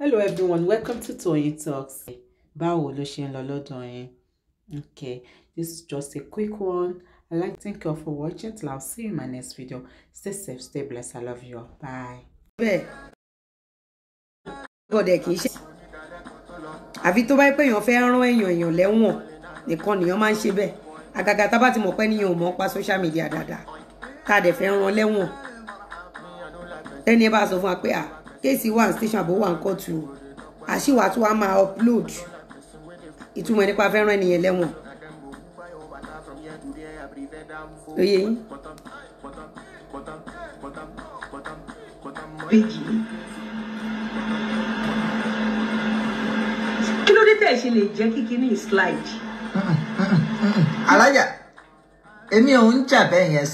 hello everyone welcome to Toyeen Talks báwo ló ṣe ń lọ lọ́dọ̀ yín okay this is just a quick one i like to thank you all for watching till i see you in my next video stay safe stay blessed i love you all bye. bẹ́ẹ̀ gbọ́dọ̀ kì í ṣe àfi tó bá yẹ pé èèyàn fẹ́ rán èèyàn èèyàn lẹ́wọ̀n nìkan nìyẹn máa ń ṣe bẹ́ẹ̀ àgàgà tá bá ti mọ̀ pé níyẹn ò mọ̀ pa social media dáadáa tá a dẹ̀ fẹ́ rán lẹ́wọ̀n ẹni ẹ bá sọ fún wa pé à kc-one station àbò wà a tù àṣìwà tó wàá máa upload ìtumọ̀ nípa fẹ́ràn ènìyàn lẹ́wọ̀n lóye yín. Bèjì kí slide. Ah, ah, ah, alájà emi ò ń jà bẹ́ẹ̀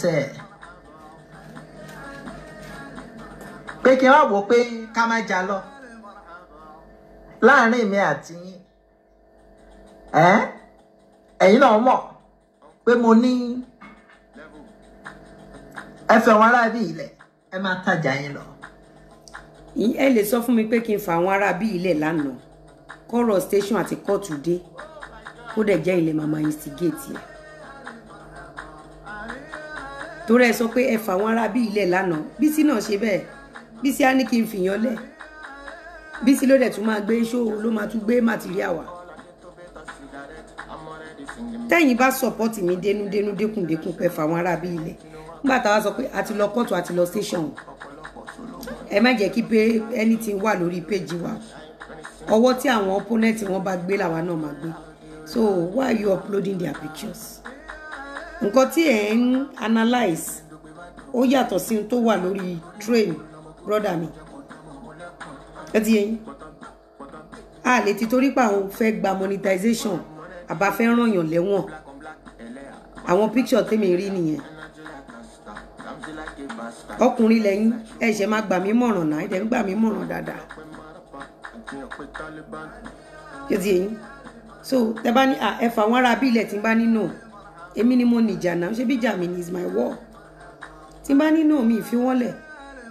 pé kí n wá wò ó pé ká má jà lọ láàrin mi àti yín ẹ̀yin náà mọ̀ pé mo ní ẹ fẹ́ àwọn aráàbí ilẹ̀ ẹ máa tajà yín lọ. ẹ lè sọ fún mi pé kí n fa àwọn aráàbí ilẹ̀ lánàá kọ́rọ̀ station àti kóòtù dé kó dẹ̀ jẹ́ ilẹ̀ màmá instigate yẹn torí ẹ sọ pé ẹ fa àwọn aráàbí ilẹ̀ lánàá bí sí náà ṣe bẹ́ẹ̀. Bísí á ní kí n fìyàn lẹ̀ Bísí ló dẹ̀ tún máa gbé ṣó ló máa tún gbé màtíríà wá tẹ́yìn bá sọ̀pọ́tì mi dénúdénú dékùndékùn pẹ̀ fáwọn aráabí ilẹ̀ nígbà táwa sọ pé a ti lọ kóòtù a ti lọ station ẹ má jẹ́ kí pé anything wà lórí péjì wa ọwọ́ tí àwọn opponent wọn bá gbé làwa náà máa gbé so why are you uploading their pictures nǹkan tí ẹ̀ ń analyse ó yàtọ̀ sí tó wà lórí train brọ́dà mi ẹ ti yẹn a lè ti torí pa àwọn fẹ́ gba monetization àbá fẹ́ ràn yàn lẹ́wọ̀n àwọn píkṣọ̀ tèmi rí nìyẹn ọkùnrin lẹ́yìn ẹ ṣe máa gbà mí mọ̀ràn náà ẹ dẹ̀ ń gbà mí mọ̀ràn dáadáa ẹ ti yẹn so tẹ bá ní ẹ fà wọn ara bílẹ̀ tí n bá nínú èmi ni mo nìjà náà ṣé bí jà is my war tí n bá nínú mi ìfi wọn lẹ̀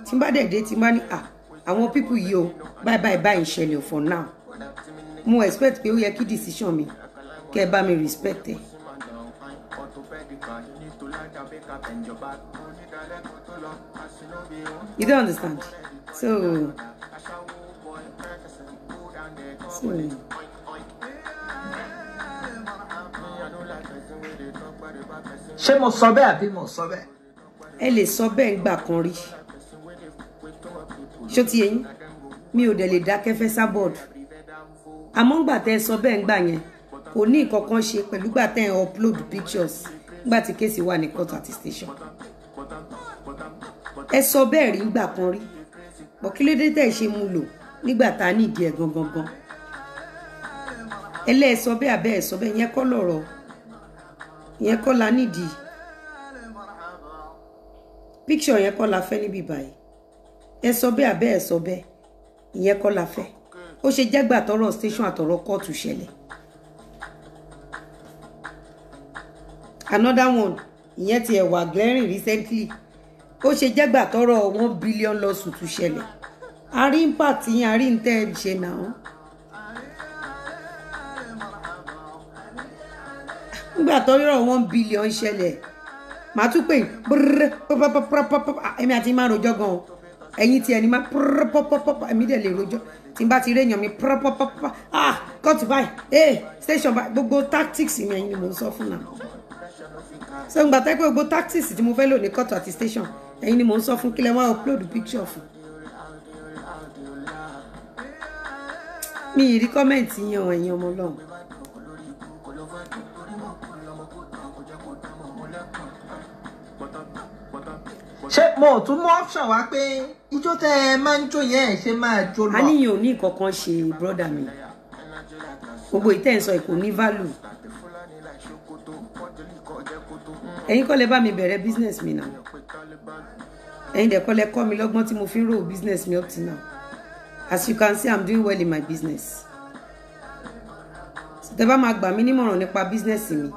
tí n bá dẹ̀ dé tí n bá ní à àwọn pípù yìí o báyìí báyìí báyìí ń for now mo expect pé ó yẹ kí decision mi kẹ́ ẹ bá mi respect ẹ̀. You don't understand? So, so. ṣé mo sọ bẹ́ẹ̀ àbí mo sọ bẹ́ẹ̀. ẹ lè sọ bẹ́ẹ̀ ń gbà kan rí ṣó ti yẹn mi ò dẹ̀ lè dákẹ́ fẹ́ sábọ̀d àmọ́ ngbà tẹ́ ẹ sọ bẹ́ẹ̀ ngbà yẹn kò ní ìkankan ṣe pẹ̀lú gbà tẹ́ ẹ upload pictures ngbà tí kéèsì wà ní court àti station ẹ sọ bẹ́ẹ̀ rí ngbà kan rí pọ̀ kí ló dé tẹ́ ẹ ṣe mú lò nígbà tá a ní ìdí ẹ̀ gangan gan ẹlẹ́ẹ̀sọ bẹ́ẹ̀ abẹ́ ẹ̀sọ bẹ́ẹ̀ yẹn kọ́ lọ̀rọ̀ yẹn kọ́ la nídìí picture yẹn kọ́ la fẹ́ níbi báyìí ẹ sọ bẹ́ẹ̀ àbẹ́ sọ bẹ́ẹ̀ ìyẹn kọ́ la fẹ́ ó ṣe jágbà tọrọ station àtọrọ kóòtù ṣẹlẹ̀ another one ìyẹn ti ẹ̀wà glaring recently ó ṣe jágbà tọrọ one billion lawsuit ṣẹlẹ̀ a rí impact yín a rí ń tẹ́ ẹ ṣe náà. nígbà tó rírọ̀ one billion ṣẹlẹ̀ màá tún pè ẹ̀mí àti márùn-ún jọ́gàn o ẹ̀yin tí ẹni máa pọ́pọ́pọ́pọ́ èmi dẹ̀ lè rojọ́ tí n bá ti rí èèyàn mi pọ́pọ́pọ́pọ́ ah kọ́ọ̀tù báyìí ee station báyìí gbogbo tactics mi ẹ̀yin ni mò ń sọ fún náà so ń gbà tẹ́ pé gbogbo tactics tí mo fẹ́ lò ní kọ́ọ̀tù àti station ẹ̀yin ni mò ń sọ fún kílẹ̀ wá upload picture fún. mi ì rí kọ́mẹ̀ntì yẹn ẹ̀yin ọmọ ọlọ́run. mo ò tún mú option wá pé ijó tẹ ẹ máa ń jó yẹn ẹ ṣe máa jó lọ. a kankan ṣe brọ́dà mi gbogbo ìtẹ́ǹsọ ìkò ní value ẹ̀yin kọ́ lẹ bá mi bẹ̀rẹ̀ business mi náà ẹ̀yin dẹ̀ kọ́ lẹ kọ́ mi lọ́gbọ́n tí mo fi ń business mi up to now as you can see i'm doing well in my business tẹ bá máa gbà mí nímọ̀ràn nípa business mi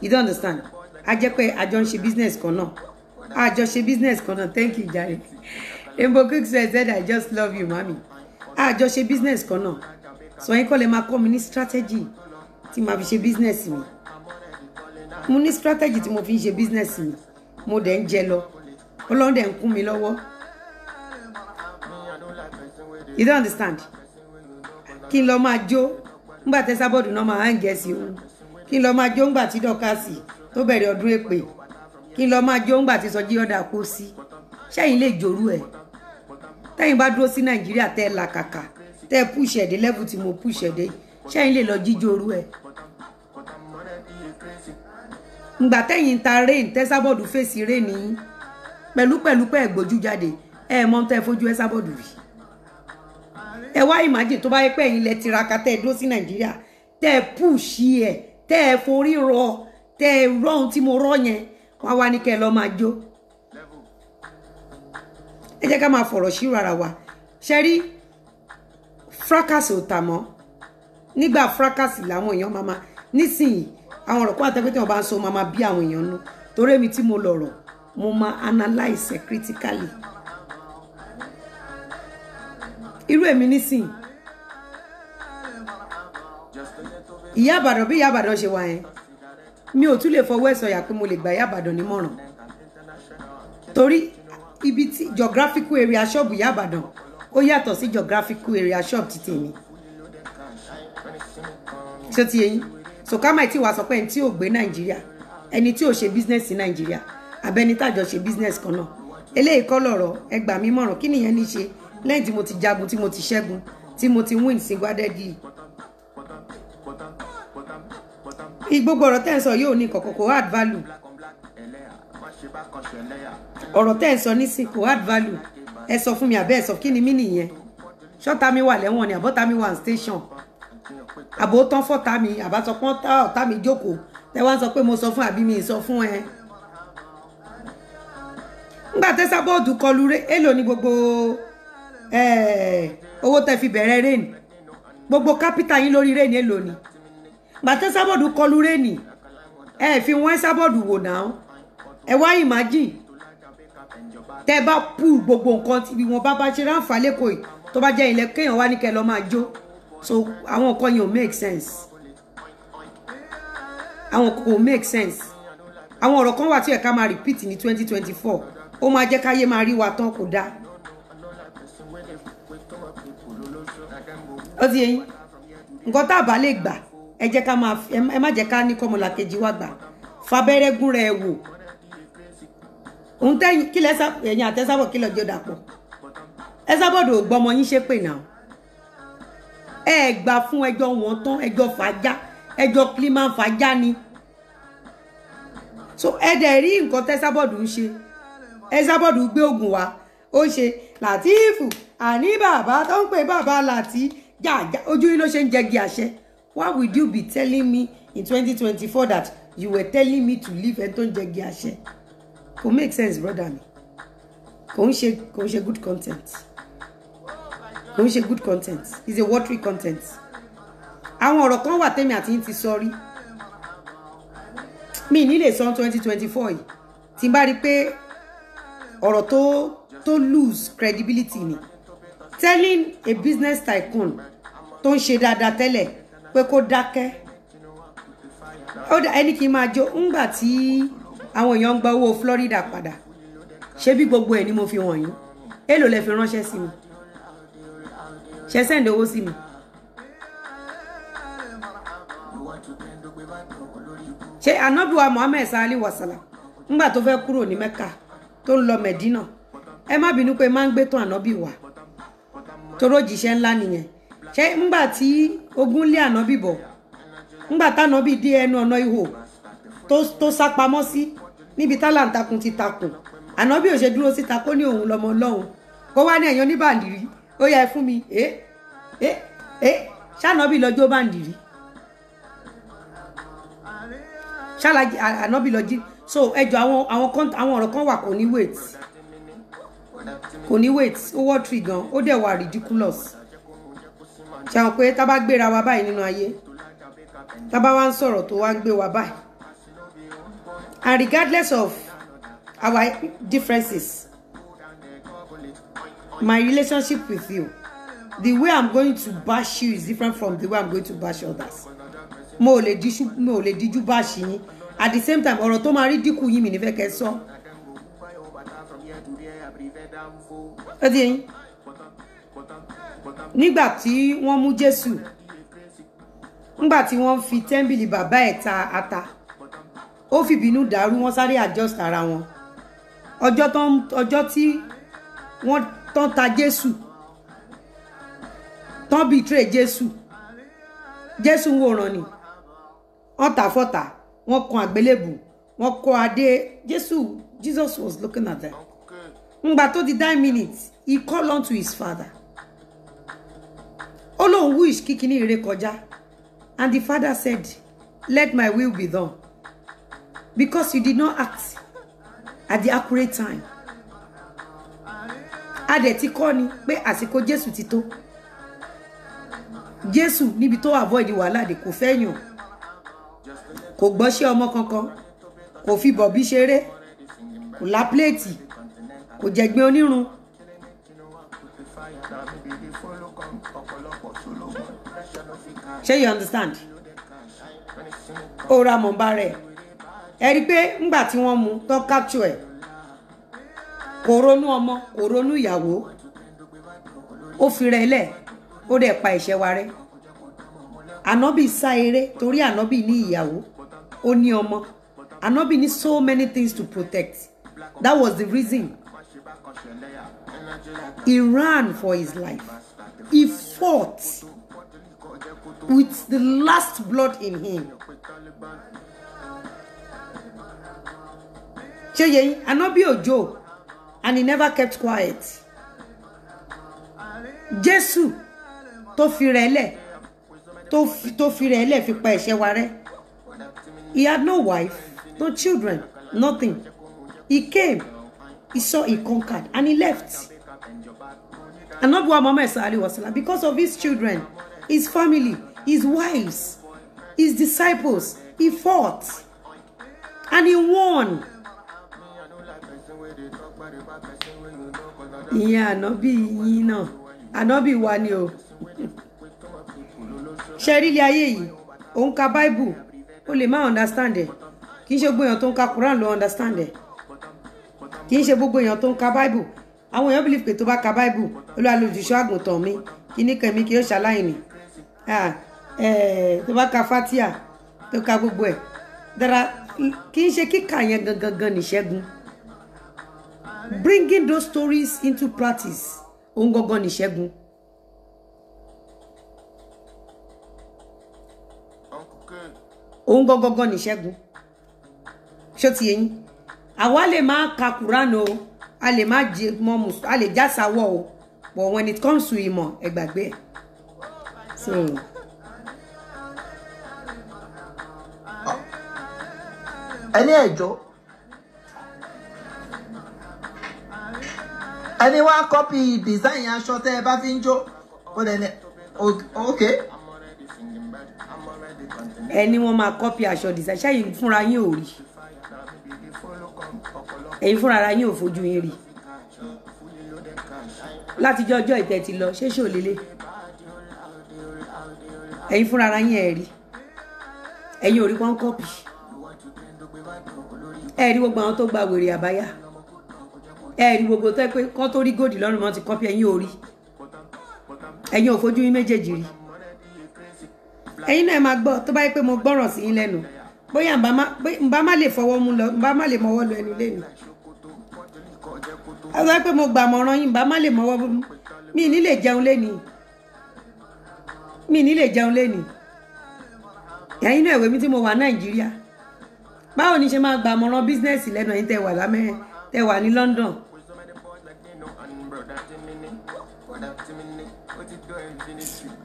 you don't understand a jẹ́ pé a jọ ń ṣe business kan náà Ah, àjọṣe business kan thank you jare embo quick said that i just love you mami àjọṣe ah, business kan náà sọ yín kọ́ lè máa kọ́ mi strategy tí màá fi business mi mo strategy tí mo fi business mi mo dẹ̀ ń jẹ lọ ọlọ́run dẹ̀ you don't understand kí n lọ máa jó ńgbà tẹ́sábọ́ọ̀dù náà máa ń gẹ̀ sí òun kí n lọ máa jó ńgbà tí dọ́kà sí tó bẹ̀rẹ̀ kí n lọ máa jó ńgbà tí Sọjí ọ̀dà kó sí ṣẹ́yìn lè jòrú ẹ̀ tẹ́yìn bá dúró sí Nàìjíríà tẹ́ ẹ làkàkà tẹ́ ẹ púṣẹ̀ dé lẹ́bù tí mo púṣẹ̀ dé ṣẹ́yìn lè lọ jíjòrú ẹ̀ ngbà tẹ́yìn ta rain tẹ́sábọ̀dù fèsì rain yín pẹ̀lúpẹ̀lú pẹ́ gbójú jáde ẹ mọ tẹ́ fojú ẹ sábọ̀dù rí ẹ wá imagine tó bá yẹ pé ẹ̀yin lẹ tiraka tẹ́ ẹ dúró sí Nàìjíríà tẹ́ ẹ púṣì ẹ̀ tẹ́ ẹ forí rọ tẹ́ rọ ohun tí mo rọ yẹn wọ́n wá ní kẹ́ ẹ lọ́ máa jó ẹ jẹ́ ká máa fọ̀rọ̀ ṣírò ara wa ṣe rí fracas ò tà mọ́ nígbà fracas làwọn èèyàn máa máa nísìnyí àwọn ọ̀rọ̀ pàtàkì pé tí wọ́n bá ń sọ máa máa bí àwọn èèyàn nù torí èmi tí mo lọ̀rọ̀ mo máa analyse critically irú èmi nísìnyí ìyá àbàdàn bí ìyá àbàdàn ṣe wà yẹn mi ò tún lè fọwọ́ ẹ̀ sọ̀yà pé mo lè gbà Ìyá nímọ̀ràn torí ibi tí geographical area shop Ìyá Ìbàdàn ó yàtọ̀ sí geographical area shop ti tèmi ṣé ti yẹn so ká má ti wá sọ pé ẹni tí ò gbé Nàìjíríà ẹni tí ò ṣe business ní Nàìjíríà abẹni tàjọ ṣe business kan náà eléyìí kọ́ lọ̀rọ̀ ẹ gbà mí mọ̀ràn kí nìyẹn ní ṣe lẹ́yìn tí mo ti jagun tí mo ti ṣẹ́gun tí mo ti win single handedly gbogbo ọ̀rọ̀ tẹ́ ẹ̀ sọ yóò ní kọ̀kọ̀ kò add value ọ̀rọ̀ tẹ́ ẹ̀ sọ nísìn kò add value ẹ sọ fún mi àbẹ́ ẹ sọ kí ni mí nìyẹn ṣọ́ta mi wà lẹ́wọ̀n ni àbọ́ta mi wà ní station àbò tán fọ́ta mi àbátọ́pọ́n tá ọ̀tá mi jókòó tẹ́ wá ń sọ pé mo sọ fún àbí mi sọ fún ẹ. nígbà tẹ́sà bọ́ọ̀dù kọlu èlò ní gbogbo owó tẹ́ fi bẹ̀rẹ̀ rain gbogbo kápítà yín lórí rain èlò ni. Eh, bàtẹ́ sábọ̀dù kọlu rẹ́ẹ̀nì ẹ fi wọ́n sábọ̀dù wò náà ẹ wá imagine tẹ bá pù gbogbo nǹkan tí wọn bá bá ṣe ráǹfà lẹ́kọ̀ọ́ yìí tó bá jẹ́ ilẹ̀ kéèyàn wá ní kẹ́ lọ́ọ́ máa jó so àwọn nǹkan yẹn ò make sense àwọn kò make sense àwọn ọ̀rọ̀ kan wà tí ẹ̀ka máa repeat ní 2024. twenty four ó máa jẹ́ káyé máa rí wa tán kò dáa. ó ti yẹ nǹkan tá a bá lè gbà ẹ jẹ́ ká máa ẹ má jẹ́ ká ní kọ́mọlà kejì wá gbà fabẹ́rẹ́ gún rẹ̀ wò òun tẹ́yìn kí lẹ́sà ẹ̀yìn àtẹ́sàbọ̀ kí lọ́jọ́ dàpọ̀ ẹ sábọ̀dọ̀ ò gbọ́mọ yín ṣépè náà ẹ gbà fún ẹjọ́ wọn tán ẹjọ́ fàájá ẹjọ́ kílímà fàájá ni so ẹ dẹ̀ rí nǹkan tẹ́sàbọ̀dù ń ṣe ẹ sábọ̀dù gbé oògùn wa ó ṣe Látìfù àní bàbá tó ń pè bàbá Láti jàjà ojú yín ló ṣe ń jẹgi àṣẹ why would you be telling me in 2024 that you were telling me to leave ẹ tó ń jẹ kò make sense brother mi kò ń ṣe kò ń ṣe good content kò ń ṣe good content it's a watery content àwọn ọ̀rọ̀ kan wà tẹ́mi àti yín ti sọ rí mi ní lè san 2024 yìí tí n bá rí pé ọ̀rọ̀ tó tó lose credibility ni telling a business tycoon tó ń ṣe dáadáa tẹ́lẹ̀ pé kó dákẹ́ ó dà ẹni kì í máa jó ńgbà tí àwọn èèyàn ń gba owó Florida padà ṣé bí gbogbo ẹ ni mo fi wọ̀nyí èlò lẹ fi ránṣẹ́ sí mi ṣe sẹ́ǹdì owó sí mi. ṣe anábìwá Muhammed sali wasala ńgbà tó fẹ́ kúrò ní Mẹ́kà tó ń lọ Mẹ̀dínà ẹ má bínú pé máa ń gbé tán ńlá nìyẹn ṣé ńgbà tí ogun lé ànábì bọ̀ ńgbà tánábì dé ẹnu ọ̀nà ihò tó sá pamọ́ sí níbi tálàǹtakùn ti takùn ànábì ò ṣe dúró síta kó ní òun lọmọ ọlọ́run kó wá ní ẹ̀yàn oníbàndìrí ó yá ẹ fún mi ẹ ẹ ẹ ṣànábì lọ́jọ́ bàndìrí ṣàlàjì ànábì lọ́jọ́ so ẹjọ àwọn àwọn àwọn ọ̀rọ̀ kan wà kò ní wait kò ní wait ó wọ́ tree gan ó dẹ̀ wà ridiculous ṣàwọn pé tá bá gbéra wa báyìí nínú ayé tá bá wá ń sọ̀rọ̀ tó wá ń gbé wa báyìí and regardless of our differences my relationship with you the way i'm going to bash you is different from the way i'm going to bash others mo ò lè díjú mo ò lè díjú bash yín at the same time ọ̀rọ̀ tó máa rí dínkù yín mi nífẹ̀ẹ́ kẹ́ sọ. ẹ ti yẹn nígbà tí wọ́n mú Jésù nígbà tí wọ́n fi tẹ́ḿbìlì bàbá ẹ̀ ta ata ó fìbínú dàrú wọ́n sáré adjust ara wọn ọjọ́ tí wọ́n tán ta Jésù tán bìtírè Jésù Jésù ń wòran ni wọ́n tà fọ́tà wọ́n kan àgbélébù wọ́n kọ́ adé Jésù Jesus was looking at them. Ngbà tó di nine minutes he called unto his father lóun wish kí kinní ire kọjá and the father said let my will be done because you did not act at the accurate time a dẹ̀ ti kọ́ ni pé àsìkò Jésù ti tó Jésù níbi tó avoid wàhálà dé kò fẹ́ yàn kò gbọ́ṣẹ́ ọmọ kankan kò fi bọ̀bí ṣeré kò la kò jẹ̀gbẹ́ onírun ṣé you understand Ora ra mọ̀nba rẹ̀ ẹ rí pé ńgbà tí wọ́n mú tó capture ẹ̀ kò ronú ọmọ kò ronú ìyàwó ó fi rẹ̀ lẹ̀ ó dẹ̀ pa ẹ̀ṣẹ̀ wa rẹ́ ànábì sá eré torí ànábì ní ìyàwó ó ní ọmọ ànábì ní so many things to protect that was the reason he ran for his life he fought with the last blood in him. be a joke, and he never kept quiet. Jésù tó fi to tó fi tó fi rẹ̀lẹ̀ fi He had no wife, no children, nothing. He came, he saw he conquered and he left. And not Muhammad sallallahu alaihi wasallam because of his children his family, his wives, his disciples. He fought and he won. Yeah, ànábì be you know, and ni be one yo. ilé ayé yìí? Òun ka Bible, ó lè má understand ẹ̀. Kì í ṣe gbogbo èèyàn tó ń ka Quran ló understand ẹ̀. Kì í ṣe gbogbo Bible. Àwọn èèyàn believe pé tó bá ka Bible, olúwa lójúṣọ́ àgùntàn mi, kí ní kẹ̀mí kí ó tó bá ka fatia tó ka gbogbo ẹ̀ dára kì í ṣe kíkà yẹn gangan gan bringing those stories into practice òun gangan níṣẹ́gun. òun gangan níṣẹ́gun ṣó ti yẹn àwa lè máa ka quran o a lè má jẹ mọ a lè já sáwọ o but when it comes to ìmọ̀ ẹ gbàgbé ẹ̀ sìn ah. ẹni ẹjọ ẹni wá kọ́pì design aṣọ tẹ́ ẹ bá fi ń jó ó dẹ̀ ní ok. ẹni wọn máa kọ́pì aṣọ design ṣẹ́yìn fúnra yín ò rí ẹ̀yin fúnra ara yín ò fojú yín rí látijọ́ ọjọ́ ìtẹ́ ti lọ ṣé ṣòlélẹ̀. Eyin fúnra ara yín ẹ̀ rí ẹ̀yin ò rí one copy ẹ̀ gbogbo àwọn tó gba wèrè àbáyà gbogbo pé kọ́ tó rí ti kọ́pì ẹ̀yin ò rí ẹ̀yin yín méjèèjì rí ẹ̀yin náà máa gbọ́ tó pé mo gbọ́ràn sí yín lẹ́nu bóyá nbá má lè fọwọ́ mu lọ nbá má lè mọwọ́ lọ ẹnu lẹ́nu ẹ sọ pé mo yín nbá má lè mọwọ́ mi lè jẹun lẹ́nu yìí. mi ní lè jẹun lẹ́nu ẹ̀yin náà ìwé mi tí mo wà nàìjíríà báwo ni ṣe máa gba àmọ̀ràn bísínẹ́sì lẹ́nu ẹ̀yin tẹ́ wà lámẹ́ tẹ́ wà ní London.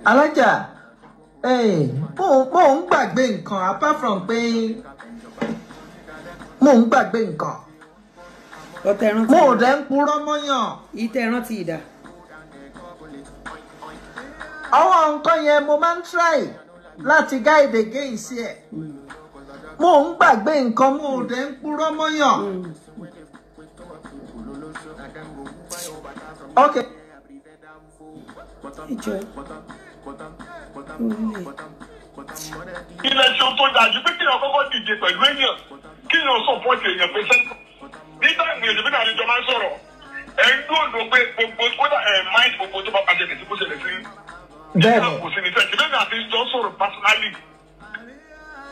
alájà eh, mo ń gbàgbé nǹkan apart from pé mo ń gbàgbé nǹkan mo ò dẹ́ ń purọ́ mọ́yàn. ìtẹ̀ rántí ìdá àwọn nǹkan yẹn mo máa ń try láti guide against ẹ̀ mo ń gbàgbé nǹkan mo ò dẹ̀ ń purọ́ mọ́yàn. ok. ìjọ ilé tó dájú pé kí ni ọkọ́kọ́ dìde pẹ̀lú èèyàn kí ni o sọ̀pọ̀tì èèyàn pé sẹ́ńtọ̀ nígbà èèyàn níbi náà àlejò máa ń sọ̀rọ̀ ẹ̀ ń dúró ló pé gbogbo kódà ẹ̀ máìlì gbogbo tó bá pàṣẹ kìí ṣẹlẹ̀ sí bẹ́ẹ̀ni kò sí àti jọ sọ̀rọ̀ pásínálì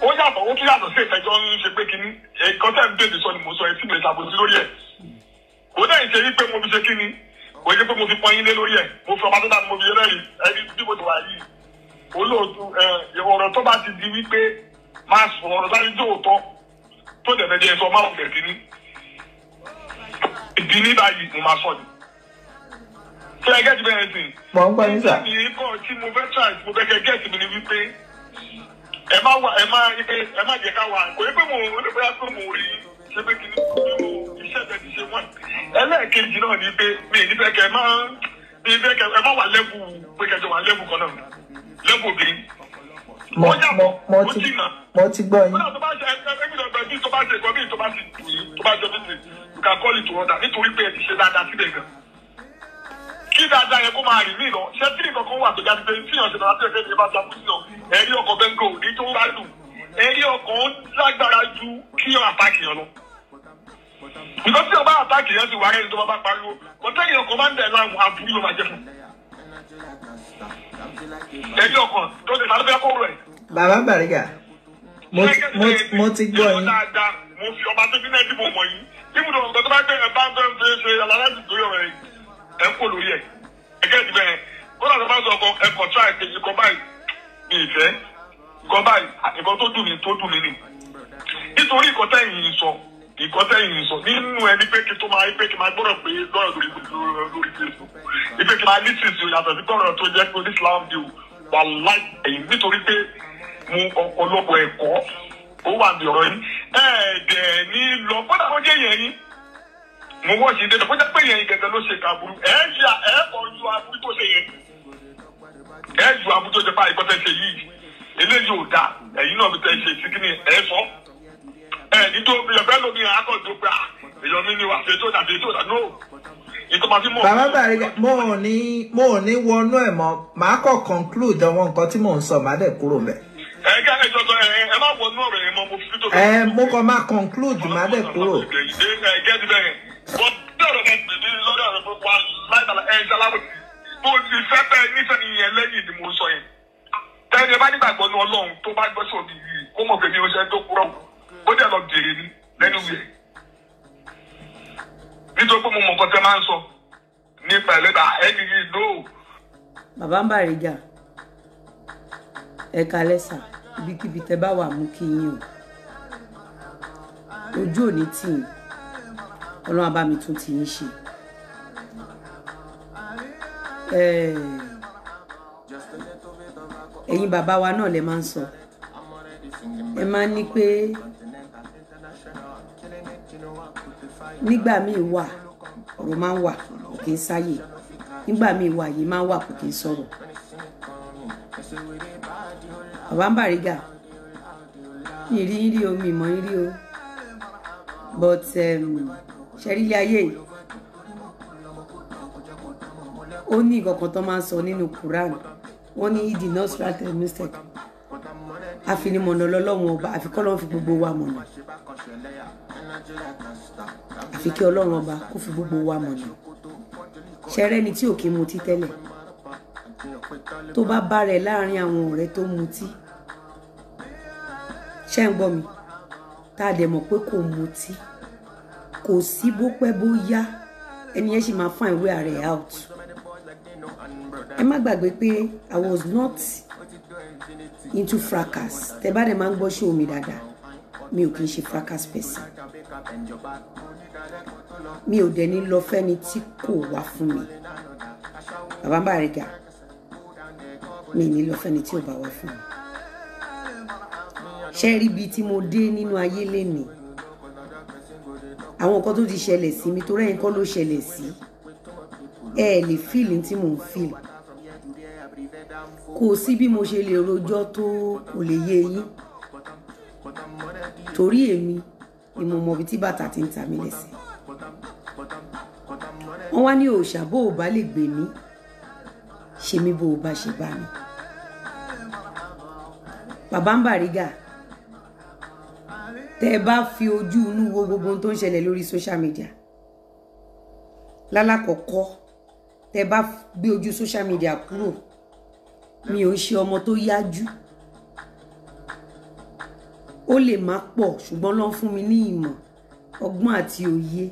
ó yàtọ̀ ó tún yàtọ̀ sí ìfẹ́jọ́ ń ṣe pé kíní ẹ̀kọ́ tẹ̀ ń bèèrè sọ ni mo sọ etí mẹ́ta bó ti lórí ẹ̀ kò náà ṣe wípé mo fi ṣe kíní kò ṣe pé mo fi pọnyin lé lórí ẹ̀ mo fi ọba tó dáa mo fi rẹ́ ẹni bí mo ti wà yìí olóòtú ọ̀rọ̀ tó bá ti di wípé máa sọ ọ̀rọ̀ sáré tó tó tí a gẹ́tì bẹ́ẹ̀ sìn. mọ̀ ń gbọ́ yín sà. ìyẹn bọ̀ tí mo fẹ́ tà mo fẹ́ kẹ́ gẹ́tì mi ni wípé ẹ má wà ẹ má ipe ẹ má jẹ́ ká wà kò yẹ pé mo onígbà pé mo rí ṣẹ́fẹ́ kí ni mo iṣẹ́ ìtẹ̀ ti ṣe wọ́n. ẹlẹ́ẹ̀kejì náà ni pé mi ì nífẹ̀ẹ́ kẹ́ ẹ má mi ìfẹ́ kẹ́ ẹ má wà lẹ́bù pé kẹ́jọ wà lẹ́bù kan náà lẹ́bù obìnrin. mo mo mo ti mo ti gbọ́ yín. kódà tó bá ṣe ẹgbẹ́ mi tó bá ṣe ẹgbẹ́ mi tó bá ṣe tó bá ṣe tó bá ṣe tó bá ṣe tó bá ṣe tó bá ṣe tó bá ṣe tó bá ṣe tó bá ṣe tó bá ṣe tó bá ṣe tó bá ṣe tó bá ṣe tó bá ṣe tó bá ṣe tó bá ṣe tó bá ṣe tó bá ṣe tó bá ṣe kí dáadáa yẹn kó máa rìn mí lọ ṣé tí nǹkan kan wà tó jáde pé tí yàn ṣe lọ́la tí ẹ̀fẹ́ ìjọba ta fún yàn ẹ̀rí ọkọ̀ bẹ́ńgò ní tó ń bá lù ẹ̀rí ọkọ̀ ó lágbára ju kí yàn àtàkì yàn lọ. nǹkan tí yàn bá àtàkì yàn sì wà rẹ́ni tó bá bá pariwo kọ́tẹ́ yàn kan máa ń dẹ̀ láàmú àbúrú ló máa jẹ fún. ẹ̀rí ọkọ̀ tó ti sàlẹ́ kó rẹ̀. bàbá Bariga mo ti gbọ́ yín. mo fi ọba tó bí náà dìbò mọ̀ yín bí mo dọ̀ ẹ ń kó lórí ẹ ẹgẹ ti bẹ ó náà sábà sọ ọkọ ẹkọ tí a ṣe ìkọ báyìí ní ìfẹ́ ìkọ báyìí ìkọ tó dùn mí tó dùn mí nì nítorí ìkọ tẹ̀yìn sọ ìkọ tẹ̀yìn sọ nínú ẹni pé kí tó máa pé kí máa gbọ́dọ̀ pé lọ́rọ̀ lórí lórí fèsì ìpè kí máa ní sísè yàtọ̀ sí gbọ́dọ̀ tó jẹ́ pé oníṣìláàmù bí o wà láì ẹ̀yìn nítorí pé mu ọ̀pọ̀lọpọ̀ ẹ̀kọ́ ó wà ní ọ̀rọ̀ yìí ẹ̀ẹ́dẹ̀ ní lọ kọ́dà kó yẹn yìí mo wọ́n ṣe dédé fúnjẹ́ pé yẹn gẹ́gẹ́ ló ṣe kàbúrú ẹ̀ ṣe ẹ̀ kọ́ ju aburú tó ṣe yẹn ẹ̀ ju aburú tó ṣe báyìí kọ́tẹ́ ṣe yìí eléyìí ò dáa ẹ̀yin náà mi tẹ́ ṣe sí ẹ̀ sọ ẹ̀ nítorí obìnrin bẹ́ẹ̀ lómi yẹn akọ́dọ̀ pé èèyàn mi ni wà fẹ́ tó dà tó dà no bàbá bàrí mo ò ní mo ò ní wọnú ẹ mọ màá kọ conclude àwọn nǹkan tí mò ń sọ màá dẹ kúrò mẹ. ẹ kí ẹ jọjọ ẹ ẹ má wọnú ọ̀rọ̀ yẹn mọ mo fi tó. ẹ mo kàn máa conclude màá dẹ kúrò. ẹ gẹ́gẹ́ bẹ́ẹ̀ wa láìsàlà ẹ ṣàlàyé bó ti fẹ́ bẹ́ẹ̀ nífẹ̀ẹ́ nìyẹn lẹ́yìn ni mo sọ yẹn tẹ́lẹ̀ bá nígbàgbọ́ ní ọlọ́run tó bá gbọ́ sóbi yìí kó mọ̀ pé mi ò ṣe tó kúrọ̀ ó dẹ̀ lọ jèrè ní lẹ́nu yẹn nítorí pé mo mọ̀ nǹkan máa ń sọ nípa ẹ̀lẹ́dà ẹni yìí ló. bàbá ń bàrẹ̀ jà ẹ̀ka lẹ́sà ibikíbi tẹ́ bá wà mú kí yín o ojú òní tì yín ọlọ́run abá mi tún ti yín ṣe. Eh, ẹ̀yin bàbá wa náà lè máa ń sọ ẹ máa ń ní pé nígbà míì wà ọ̀rọ̀ máa ń wà kò kí ń sáyè nígbà míì wà yìí máa ń wà kò kí ń sọ̀rọ̀ bàbá ń bàrígà ìrí omi ìmọ̀ rí o but um, ṣẹ́rí ilé ayé yìí ó ní ìkọ̀kan tó máa ń sọ nínú Quran wọ́n ní ìdí náà sùràtà mistake àfinimọ̀nà lọ́lọ́run ọba àfi kọ́lọ́run fi gbogbo wa mọ̀nà àfi kí ọlọ́run ọba kó fi gbogbo wa mọ̀nà ṣẹrẹ́ ni tí ò kí mutí tẹ́lẹ̀ tó bá bá rẹ̀ láàrin àwọn ọ̀rẹ́ tó mutí ṣẹ́ ń gbọ́ mi tá a dẹ̀ mọ̀ pé kò mutí kò sí bó pẹ́ bó yá ẹni yẹn sì máa fún ìwé ààrẹ out ẹ má gbàgbé pé i was not into fracas tẹ bá dẹ̀ máa ń gbọ́ ṣé omi dáadáa mi ò kì í ṣe fracas person mi ò dẹ̀ ní lọ fẹ́ni tí kò wá fún mi bàbá ń bá rẹ̀ gà mi ní lọ fẹ́ni tí ò bá wá fún mi ṣe rí ibi tí mo dé nínú ayé lénìí àwọn nǹkan tó ti ṣẹlẹ̀ sí mi torí ẹ̀yin kọ́ ló ṣẹlẹ̀ sí ẹ lè fíìlì tí mò ń fíìlì kò sí bí mo ṣe lè rojọ́ tó kò lè yé yín torí èmi ni mo mọ ibi tí bàtà ti ń ta mí lẹ́sẹ̀ wọ́n wá ní òòṣà bó o bá lè gbè mí ṣe mí bó o bá ṣe bá mi bàbá ń bàrígà tẹ ẹ bá fi ojú inú wo gbogbo tó ń ṣẹlẹ̀ lórí social media lálàkọ̀kọ́ tẹ ẹ bá gbé ojú social media kúrò mi ò ń ṣe ọmọ tó yájú ó lè má pọ̀ ṣùgbọ́n ló ń fún mi ní ìmọ̀ ọgbọ́n àti òye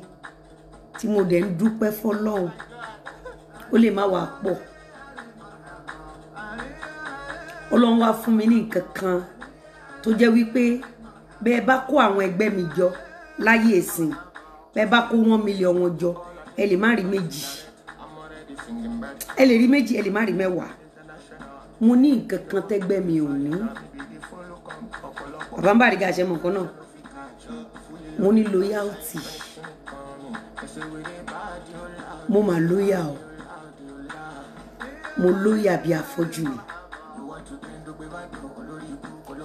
tí mo dẹ̀ ń dúpẹ́ fọlọ́run ó lè má wàá pọ̀ ọlọ́run wá fún mi ní nǹkan kan tó jẹ́ wípé bẹ́ẹ̀ bá kó àwọn ẹgbẹ́ mi jọ láyé ìsìn bẹ́ẹ̀ bá kó wọ́n mílíọ̀n wọn jọ ẹ lè má rí méjì ẹ lè rí méjì ẹ lè má rí mẹ́wàá mo ní nǹkan kan tẹ́gbẹ́ mi ò ní bàbá ń bàrí gàṣẹ mọ̀ kan náà mo ní loyalty mo mà lóyà o mo lóyà bí afọ́jú mi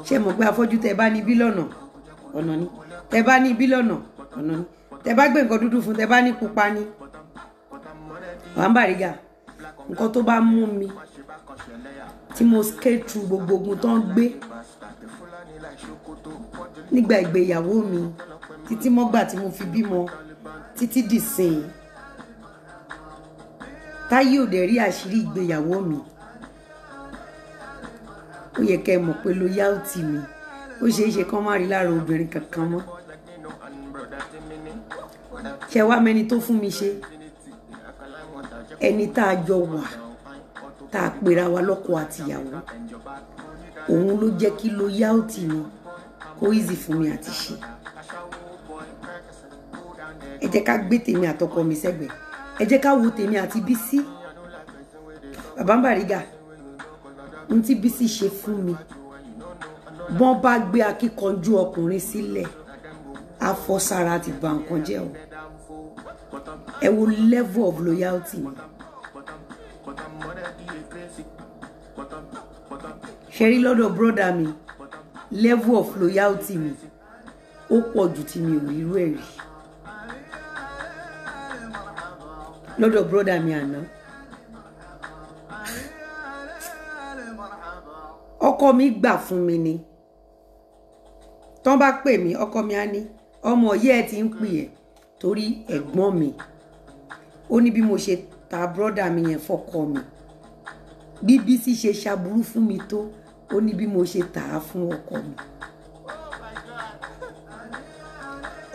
ṣe mọ̀ pé afọ́jú tẹ bá ní bílọ̀nà ọ̀nà ni tẹ bá ní bílọ̀nà ọ̀nà ni tẹ bá gbé nǹkan dúdú fún tẹ bá ní pupa ni wàá ń bàrí gà nǹkan tó bá mú mi tí mo skate through gbogbo ogun tó ń gbé nígbà ìgbéyàwó mi títí mọ́gbà tí mo fi bímọ títí dìsìn táyé òde rí àṣírí ìgbéyàwó mi ó yẹ kẹ́ ẹ mọ̀ pé loyalty mi ó ṣeé ṣe kán má rí lára obìnrin kankan mọ́ ṣe wá mẹ́ni tó fún mi ṣe ẹni tá a jọ wà tá a pera wa lọ́kọ àtìyàwó òun ló jẹ́ kí loyalty mi kó easy fún mi àti ṣe ẹ jẹ́ ká gbé tèmi àtọkọ mi sẹ́gbẹ̀ẹ́ ẹ jẹ́ ká wo tèmi àti Bísí bàbá ń bàrígà ohun tí Bísí ṣe fún mi bọ́n bá gbé akíkanjú ọkùnrin sílẹ̀ àfọ̀sára ti bà nǹkan jẹ́ o ẹ wo level of loyalty mi. ṣẹ́rí lọ́dọ̀ brọ́dà mi level of loyalty mi ó pọ̀ ju ti mi ò rí irú ẹ̀ rí lọ́dọ̀ brọ́dà mi àná ọkọ mi gbà fún mi ni tán bá pè mí ọkọ mi á ní ọmọ yìí ẹ ti ń pè ẹ́ torí ẹ̀gbọ́n mi ó ní bí mo ṣe ta brọ́dà mi yẹn fọkọ mi bí Bísí ṣe ṣaburú fún mi tó ó ní bí mo ṣe tà á fún ọkọ mi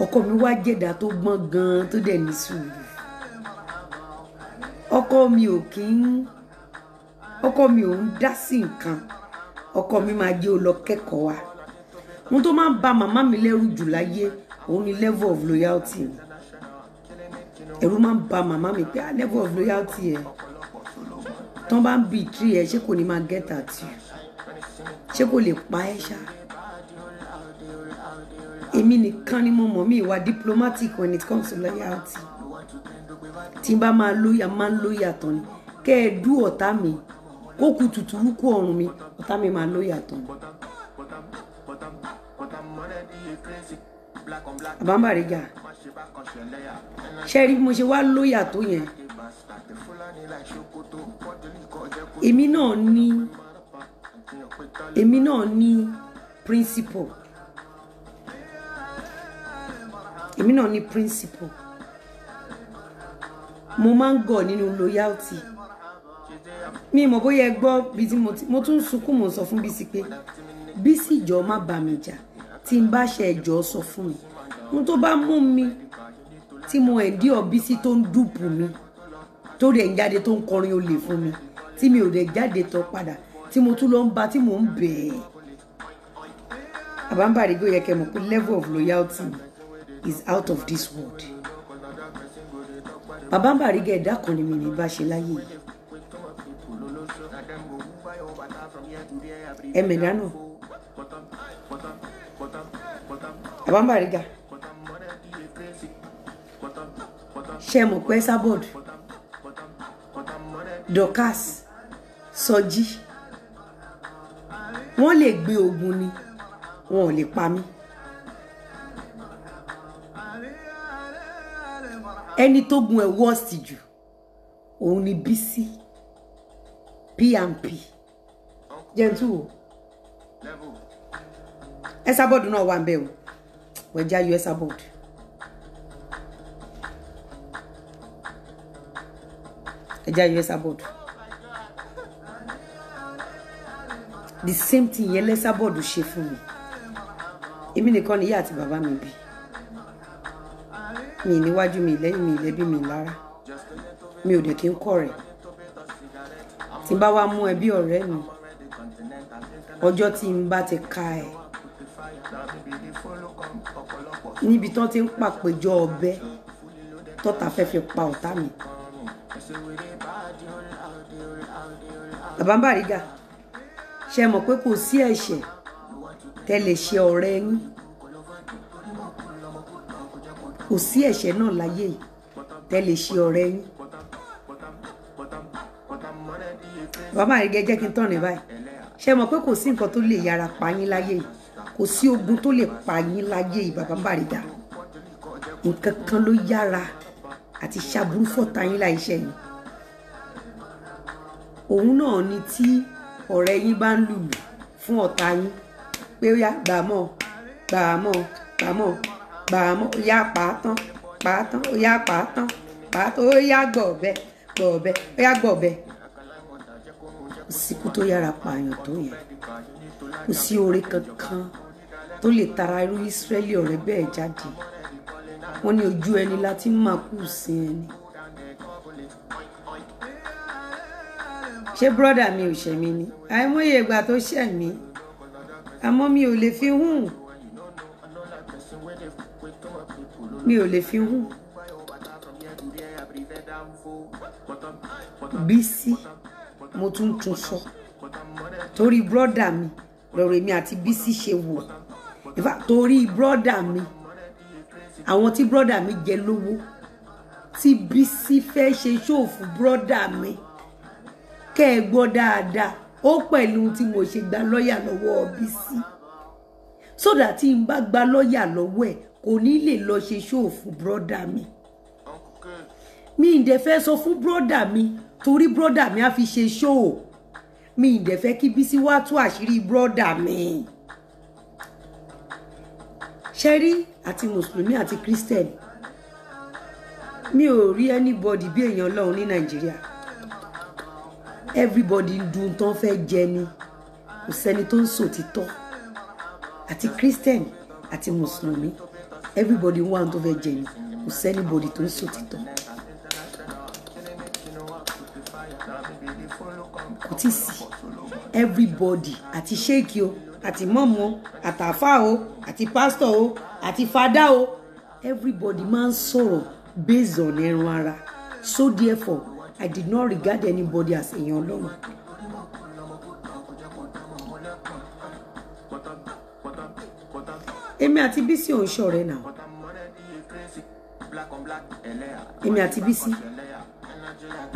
ọkọ mi wá jẹ̀dá tó gbọ́n gan-an tó dẹ̀ ní sùúrù ọkọ mi ò kí ń ọkọ mi ò ń dá sí nǹkan ọkọ mi máa jẹ́ ó lọ wa ohun tó máa ń ba màmá mi lẹ́rù jù láyé òun ni level of loyalty mi ẹ̀rù máa ń ba màmá mi pé ah, level of loyalty ẹ̀ tán bá ń bì tírí ẹ̀ ṣé kò ní máa get at you ṣé kò lè pa ẹ́ ṣá èmi nìkan ni mo mọ̀ mí ìwà diplomatic when it comes to loyalty tí n bá máa lóyà máa ń lóyà tán ni kẹ́ ẹ dú ọ̀tá mi kó ku tùtùrú kú ọ̀run mi ọ̀tá mi máa lóyà tán ni. àbámbàrìgà ṣe rí mo ṣe wá lóyà tó yẹn èmi náà ní èmi náà ní principle èmi náà ní principle mo máa ń gọ̀ nínú loyalty mi mọ̀ bóyá ẹ gbọ́ bí tí mo tún sunkún mò ń sọ fún Bísí pé Bísí ìjọ má bà mí jà tí n bá ṣe ẹjọ́ sọ fún mi ohun tó bá mú mi tí mo ẹ̀ndí ọ̀bísí tó ń dùbù mi tó rẹ̀ ń jáde tó ń kọrin olè fún mi tí mi ò rẹ̀ jáde tó padà tí mo tún lọ ń ba tí mò ń bèè àbámbàrígbó yẹ kẹ́ mọ̀ pé level of loyalty is out of this world àbámbàrígbó ẹ̀dá kan ni mi ní bá ṣe láyé yìí ẹ̀mẹ̀dá náà àbámbàrígbà ṣe mọ̀ pé sábọ̀d dorcas sọjí. So wọ́n lè gbé ogun ni wọn ò lè pa mí. ẹni tó gun ẹ̀ wọ́ọ̀sì jù òun ni Bísí PMP jẹ́ntú o ẹ sábọ́ọ̀dù náà wà ń bẹ̀ o wẹ̀já yọ ẹ sábọ́ọ̀dù. yọ ẹ the same thing yẹn lẹ́sàbọ̀dù ṣe fún mi èmi nìkan ni ìyá àti bàbá mi bí mi níwájú mi lẹ́yìn mi lẹ́bí mi lára mi ò dẹ̀ kí n kọ̀ rẹ̀ tí n bá wá mú ẹbí mi ọjọ́ tí n bá ti ka ẹ̀ níbi tán ti ń pàpéjọ ọbẹ̀ tọ́ta fẹ́ fi pa ọ̀tá mi. bàbá ń bàrígà ṣe mọ̀ pé kò sí ẹ̀ṣẹ̀ tẹ́ lè ṣe ọ̀rẹ́ yín kò sí ẹ̀ṣẹ̀ náà láyé yìí tẹ́ lè ṣe ọ̀rẹ́ yín. bàbá mi gẹ́gẹ́ kí n tọ̀nà báyìí ṣe mọ̀ pé kò sí nǹkan tó lè yára pa yín láyé yìí kò sí ogun tó lè pa yín láyé yìí bàbá Bàrígà nǹkan kan ló yára àti ṣàbúrú fọ̀tá yín láìṣẹ́ yìí òun náà ni tí ọ̀rẹ́ yín bá ń lùlù fún ọ̀tá yín pé ó yá gbàmọ́ gbàmọ́ gbàmọ́ gbàmọ́ ó yá pàátán pàátán ó yá pàátán pàátán ó yá gbọ̀ọ̀bẹ gbọ̀ọ̀bẹ ó yá gbọ̀ọ̀bẹ. kò sí ikú tó yára pààyàn tó yẹn kò sí oore kankan tó lè tara irú Ísírẹ́lì ọ̀rẹ́ bẹ́ẹ̀ jáde wọ́n ní ojú ẹni láti máa kú sí ẹni ṣé brọ́dà mi ò ṣẹ̀ mí ni àìmọye ìgbà tó ṣẹ̀ mí àmọ́ mi ò lè fi hùn mi ò lè fi hùn. Bísí mo tún tún sọ torí brọ́dà mi lọ́rọ̀ èmi àti Bísí ṣe wò ìfà torí brọ́dà mi àwọn tí brọ́dà mi jẹ lówó tí Bísí fẹ́ ṣe ṣòfò brọ́dà mi kẹ́ ẹ gbọ́ dáadáa ó pẹ̀lú tí mo ṣe gba lọ́ọ̀yà lọ́wọ́ Bísí sódà tí n bá gba lọ́ọ̀yà lọ́wọ́ ẹ̀ kò ní lè lọ ṣe ṣòfò bọ́dà mi mi ì dẹ̀ fẹ́ sọ fún bọ́dà mi torí bọ́dà mi á fi ṣe ṣòwò mi ì dẹ̀ fẹ́ kí Bísí wá tú àṣírí bọ́dà mi ṣẹ́rí àti mùsùlùmí àti kírísítẹ̀nì mi ò rí anybody bí èèyàn ọlọ́run ní nàìjíríà everybody ń dun tán fẹ́ jẹ ni kò sẹ́ni tó ń sòtítọ́ àti christian àti mùsùlùmí everybody wà tó fẹ́ jẹ ni kò sẹ́ni body tó ń sòtítọ́. kò tí ì sí everybody àti sheik o àti mọ́mọ́ àtàfà o àti pásítọ̀ o àti fada o everybody máa ń sọ̀rọ̀ based on ẹran ara so therefore I did not regard anybody as èèyàn ọlọ́run. èmi àti Bísí ò ń ṣọ̀rẹ́ náà èmi àti Bísí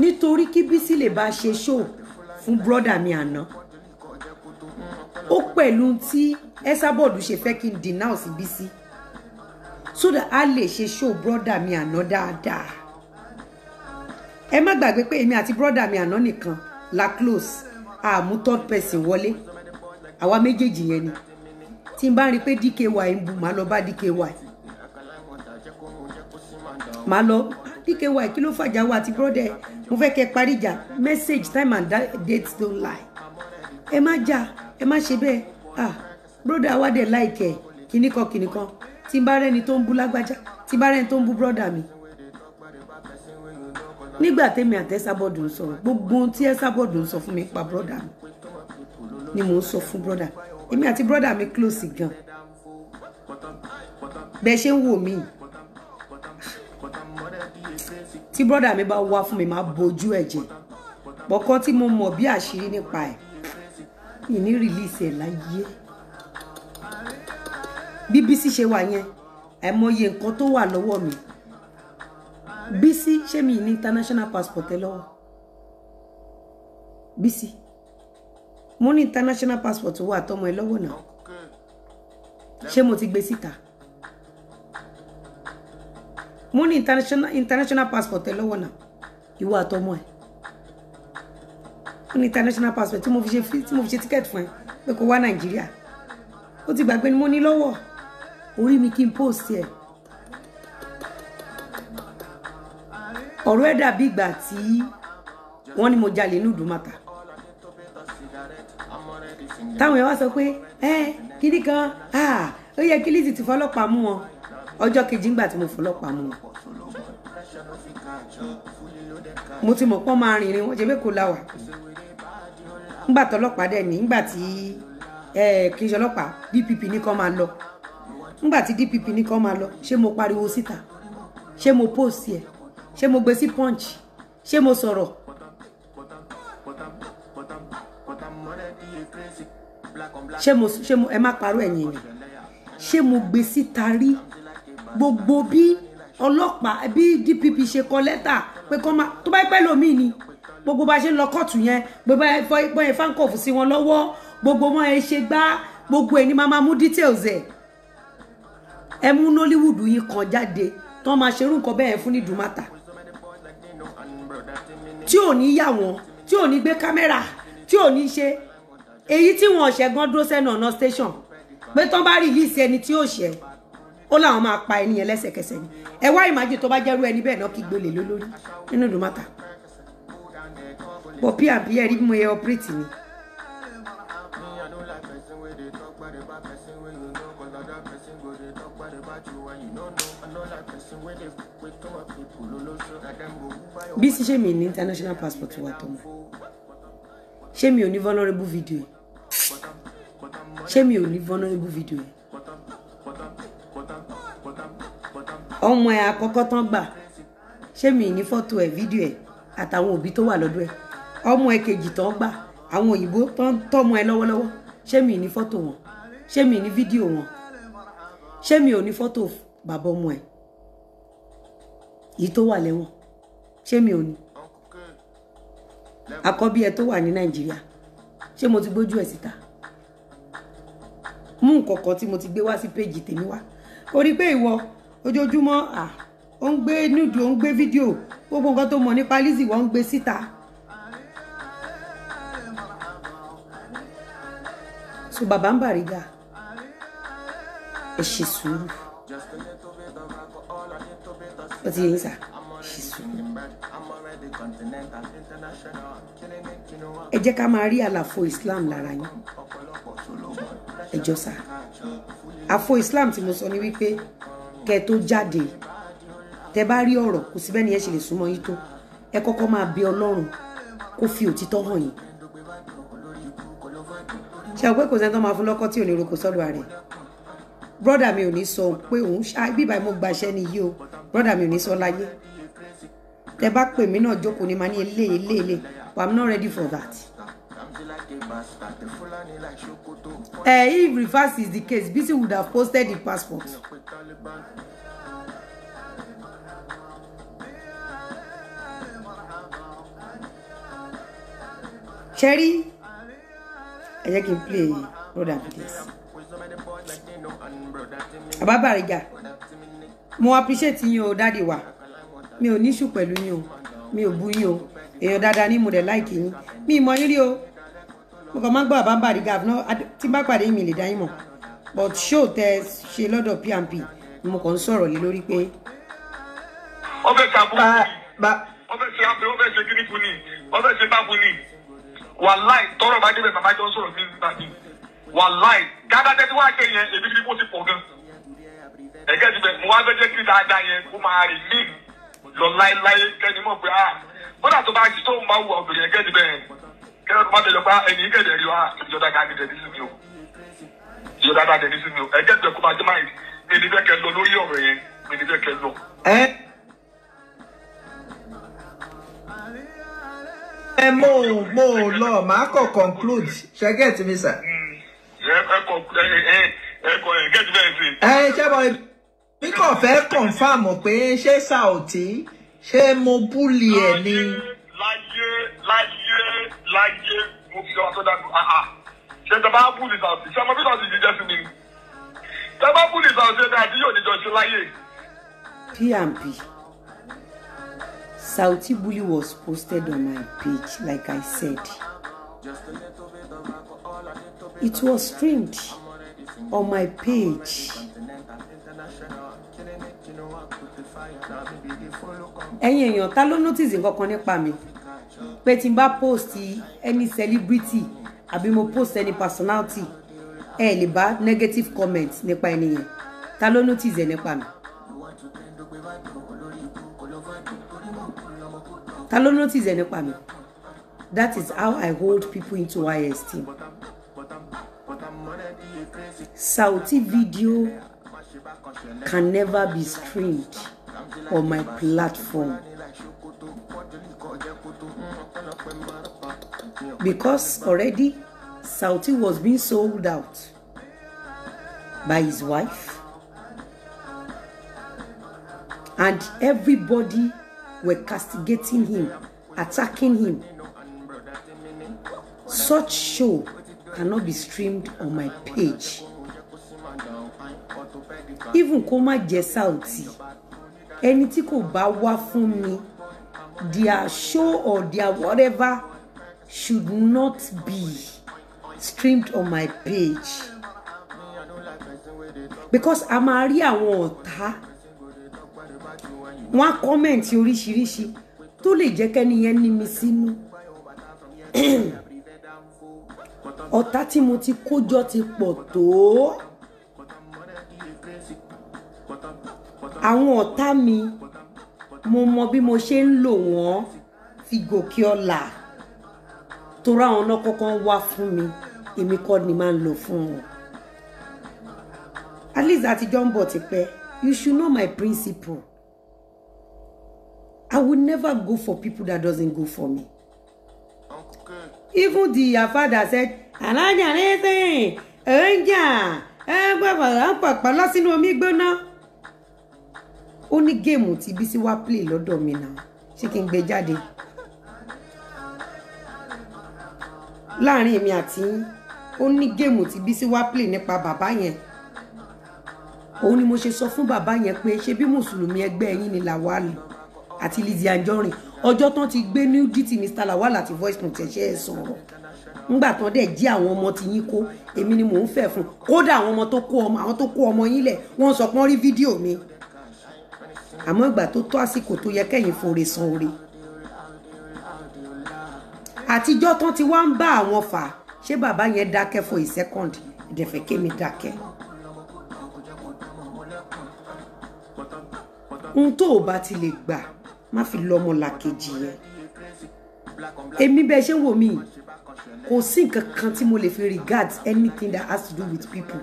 nítorí kí Bísí lè bá ṣe ṣó fún brọ́dà mi àná ó pẹ̀lú tí Esabod ṣe fẹ́ kí n denounce Bísí so that a lè ṣe ṣó brọ́dà mi àná da ẹ má gbàgbé pé èmi àti brọ́dà mi àná nìkan la close àmú third person wọlé àwa méjèèjì yẹn ni tí n bá rí i pé DKY ń bu màá lọ bá DKY màá lọ DKY kí ló fàjà wa àti brọ́dà mo fẹ́ kẹ́ parí ìjà message time and date don't lie ẹ má jà ẹ má ṣe bẹ́ẹ̀ ah brọ́dà wa dẹ̀ láìkẹ́ kìnnìkan kìnnìkan tí n bá rẹ́ni tó ń bu lágbájá tí n bá rẹ́ni tó ń bu brọ́dà mi nígbà tèmi àti Esabod ń sọ̀rọ̀ gbogbo ohun tí Esabod ń sọ fún mi pa brọ́dà mi ni mò ń sọ fún brọ́dà èmi àti brọ́dà mi close gan bẹ́ẹ̀ ṣe ń wò mí tí brọ́dà mi bá wá fún mi máa bojú ẹ̀ jẹ́ bọ́kọ́ tí mo mọ̀ bí àṣírí nípa ẹ̀ ìní release ẹ̀ láyé bí Bísí ṣe wà yẹn àìmọye nǹkan tó wà lọ́wọ́ mi Bísí ṣé mi ní international passport ẹ lọ́wọ́ Bísí mo ní international passport wà tọmọ ẹ lọ́wọ́ náà ṣé mo ti gbé síta mo ní international international passport ẹ lọ́wọ́ náà ìwọ àtọmọ ẹ mo ní international passport tí mo fi ṣe tí mo fi ṣe ticket fún ẹ pé kó wá Nàìjíríà ó ti gbàgbé ni mo ní lọ́wọ́ orí mi kí n post ẹ. Yeah ọ̀rọ̀ ẹ̀ dàbí ìgbà tí wọ́n ní mo jalè ní Ìdúmọ̀tà táwọn yẹn wá sọ pé ẹ kíní kan ah, ó yẹ kí Lizzy ti fọlọ́pàá mú wọn ọjọ́ kejì ńgbà tí mo fọlọ́pàá mú wọn mo ti mọ̀ pọ́n máa rìnrìn wọn jẹ́bẹ́ kó la wà ńgbà tọlọ́pàá dẹ̀ ní ńgbà tí kì í ṣe ọlọ́pàá DPP ní kán máa lọ ńgbà tí DPP ní kán máa lọ ṣé mo pariwo síta ṣé mo post ẹ̀ ṣé mo gbé sí punch ṣé mo sọ̀rọ̀. ṣé mo ṣé mo ẹ má parọ́ ẹ̀yìn ni ṣé mo gbé síta rí gbogbo bí ọlọ́pàá bí DPP ṣe kọ lẹ́tà pé kọ́ máa tó bá pẹ́ lómi ni gbogbo bá ṣe ń lọ kóòtù yẹn gbogbo ẹ̀ fáńkọ̀fù sí wọn lọ́wọ́ gbogbo wọn ẹ̀ ṣe gbá gbogbo ẹ̀ ní máa mú details ẹ̀ ẹ mú Nollywood yìí kan jáde tó máa ṣerú nǹkan bẹ́ẹ̀ fún ní dùmátà tí ò ní yà wọ́n tí ò ní gbé kámẹ́rà tí ò ní ṣe èyí tí wọn ọ̀ṣẹ́ gan dúró sẹ́nu ọ̀nà station pé tán bá rí yìí sí ẹni tí ò ṣẹ́ ó láwọn máa pa ẹni yẹn lẹ́sẹ̀kẹsẹ̀ ni ẹ wá ìmájì tó bá jẹ́rú ẹni bẹ́ẹ̀ náà kí gbolè lólórí nínú ìlú mọ́ta pọ̀pí àbí ẹ̀rí bí mo yẹ ni. Like person where they wait to a people, lose so that Bísí ṣé mi ní international passport wa tó mọ̀ ṣé mi ò ní vulnerable video yìí ṣé mi ò ní vulnerable video yìí ọmọ ẹ àkọ́kọ́ tán gbà ṣé mi ní fọ́tò ẹ̀ fídíò ẹ̀ àtàwọn òbí tó wà lọ́dọ̀ ẹ̀ ọmọ ẹ kejì tán gbà àwọn òyìnbó tán tọ́mọ ẹ lọ́wọ́lọ́wọ́ ṣé mi ní fọ́tò wọn ṣé mi ní fídíò wọn ṣé mi ò ní fọ́tò bàbá ọmọ ẹ̀ yìí tó wà lẹ́wọ̀n ṣé mi ò ní àkọ́bí ẹ tó wà ní nàìjíríà ṣé mo ti gbójú ẹ̀ síta mú nǹkan kan tí mo ti gbé wá sí péjì tèmi wá ó rí pé ìwọ ojoojúmọ́ à ó ń gbé núdù ó ń gbé fídíò gbogbo nǹkan tó mọ̀ nípa Lizzy wọ́n ń gbé síta. so bàbá ń bàrígà ẹ ṣe sùúrù ó ti yẹ yín ẹ jẹ́ ká máa rí àlàfo Islam lára yín ẹ jọ sá àfo Islam tí mo sọ ni wípé kẹ́ tó jáde tẹ́ bá rí ọ̀rọ̀ kò sí bẹ́ẹ̀ ni ẹ ṣe lè súnmọ́ yín tó ẹ kọ́kọ́ máa bí Ọlọ́run kó fi òtítọ́ hàn yín ṣe àwọn pé kò máa fún lọ́kọ́ tí ò ní roko sọ́dọ̀ rẹ̀ brọ́dà mi ò ní sọ pé òun ṣá bíbá mo gbàṣẹ́ ni o brọ́dà mi ò ní sọ láyé tẹ bá pè mí náà jókòó ni màá ní ilé ilé ilé but i'm not ready for that. Uh, if reverse is the case Bisi would have posted the passport. Cherry ẹ jẹ́ kí n play brother please Baba Bariga mo appreciate yín o dáàdi wa mi ò níṣù pẹ̀lú yín o mi ò bú yín o èèyàn dáadáa ní mo dẹ̀ láìkì yín mi mọ yín rí o mo kàn máa ń gbọ́ àbá ń bàrí gàf náà tí bá pàdé mi lè dá yín mọ̀ but show tẹ ṣe lọ́dọ̀ pmp ni mo kàn ń sọ̀rọ̀ lé lórí pé. ó fẹ́ ta bú ó fẹ́ ṣe ápè ó fẹ́ ṣe kíní fún ni ó fẹ́ ṣe bá fún ni wàláì tọrọ bá débẹ̀ bàbá jọ sọ̀rọ̀ nínú ìgbà mi wàláì dáadáa tí wàá wá lọ láéláé kẹ́ni mọ̀ pé ah kódà tó bá ti tó ń bá wù obìnrin kẹ́ni bẹ́ẹ̀ kẹ́ni má tẹ̀lé pa ẹni kẹ́ni rí wa ìjọba ká ní tẹ̀lé sí mi o ìjọba ká tẹ̀lé sí mi o ẹ̀jẹ̀ tẹ̀ máa jẹ́ máa ẹni bẹ́ẹ̀ kẹ́ lọ lórí ọ̀rọ̀ yẹn ẹni bẹ́ẹ̀ kẹ́ lọ. ẹ mo mo lọ màá kọ conclude ṣe hmm. get me sir. ẹ ẹ kọ ẹ ẹ ẹ kọ ẹ get me. sí. ẹ ṣẹ́ bọ̀ mi kàn fẹ́ kọ̀nfàmù pé ṣé Saoty ṣé mo búlì ẹ̀ ni. láyé láyé láyé mo fi ọ̀rọ̀ tó àhà ah, ah. ṣe tẹ bá búlì Saoty ṣe ọmọ bí Saoty ti sí mi tẹ bá búlì Saoty ẹ̀ka àti yóò níjọ ṣe láyé. pmp Saudi bully was posted on my page like I said. It was streamed on my page. ẹ̀yin èèyàn ta ló notice nǹkan kan nípa mi pé tí n bá post any celebrity àbí mo post any personality ẹ lè bá negative comment nípa ẹni yẹn ta ló notice ẹ nípa mi. ta ló notice ẹ nípa mi that is how I hold people into my esteem. Saoti video can never be streamed. on my platform. Because already Sauti was being sold out by his wife. And everybody were castigating him, attacking him. Such show cannot be streamed on my page. Even Koma Jessauti ẹni tí kò bá wá fún mi their show or their whatever should not be streamed on my page because a máa rí àwọn ọ̀tá wọn á kọ́mẹ̀ntì oríṣiríṣi tó lè jẹ́ kẹ́ni yẹn ní mi sínú ọ̀tá tí mo ti kó jọ ti pọ̀ tó. àwọn ọ̀tá mi mo mọ bí mo ṣe ń lò wọ́n fi gòkè ọ̀la torí àwọn náà kọ́kọ́ wá fún mi èmi kọ́ ni máa ń lò fún wọn. at least àtijọ́ ń bọ̀ tipẹ́ you should know my principle I will never go for people that doesn't go for me. even the father said alájà rẹ sẹ́yìn ẹ̀ ń jà ẹ̀ ń pàpà lọ sínú omi gbóná ó ní géèmù tí Bísí wá play lọ́dọ̀ mi náà ṣé kí n gbé jáde láàrin èmi àti yín ó ní géèmù tí Bísí wá play nípa bàbá yẹn òun ni mo ṣe sọ fún bàbá yẹn pé ṣé bí mùsùlùmí ẹgbẹ́ yín ni Lawal àti Lizzy Anjorin ọjọ́ tán ti gbé new duty Mr Lawal àti voice note ẹ̀ṣẹ́ ẹ̀ sọ̀rọ̀ ńgbà tán dẹ̀ jí àwọn ọmọ ti yín kó èmi ni mò ń fẹ́ fún kódà àwọn ọmọ tó kó ọmọ àwọn tó kó ọmọ yín lẹ̀ wọ́n sọ pé wọ́n rí fídíò mi àmọ́ ìgbà tó tó àsìkò tó yẹ kẹ́yìn fòrè san oore àtijọ́ tán ti wá ń bá àwọn fà ṣé bàbá yẹn dákẹ́ for a second ìdẹ̀fẹ́ kémi dákẹ́. ohun tó o bá ti lè gbà má fi lọ́mọ làkejì yẹn èmi bẹ́ẹ̀ ṣé wò mí kò sí nǹkan kan tí mo lè fi regard anything that has to do with people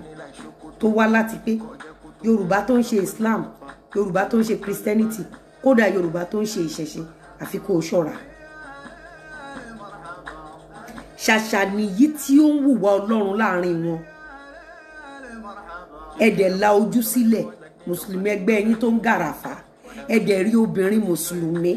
tó wá láti pé Yorùbá tó ń ṣe Islam yorùbá tó ń ṣe christianity kódà yorùbá tó ń ṣe ìṣẹ̀ṣe àfi kó o ṣọ́ra ṣàṣà nìyí tí ó ń wùwà ọlọ́run láàrin wọn ẹ̀dẹ̀ la ojú sílẹ̀ mùsùlùmí ẹgbẹ́ yín tó ń gàràfà ẹ̀dẹ̀ rí obìnrin mùsùlùmí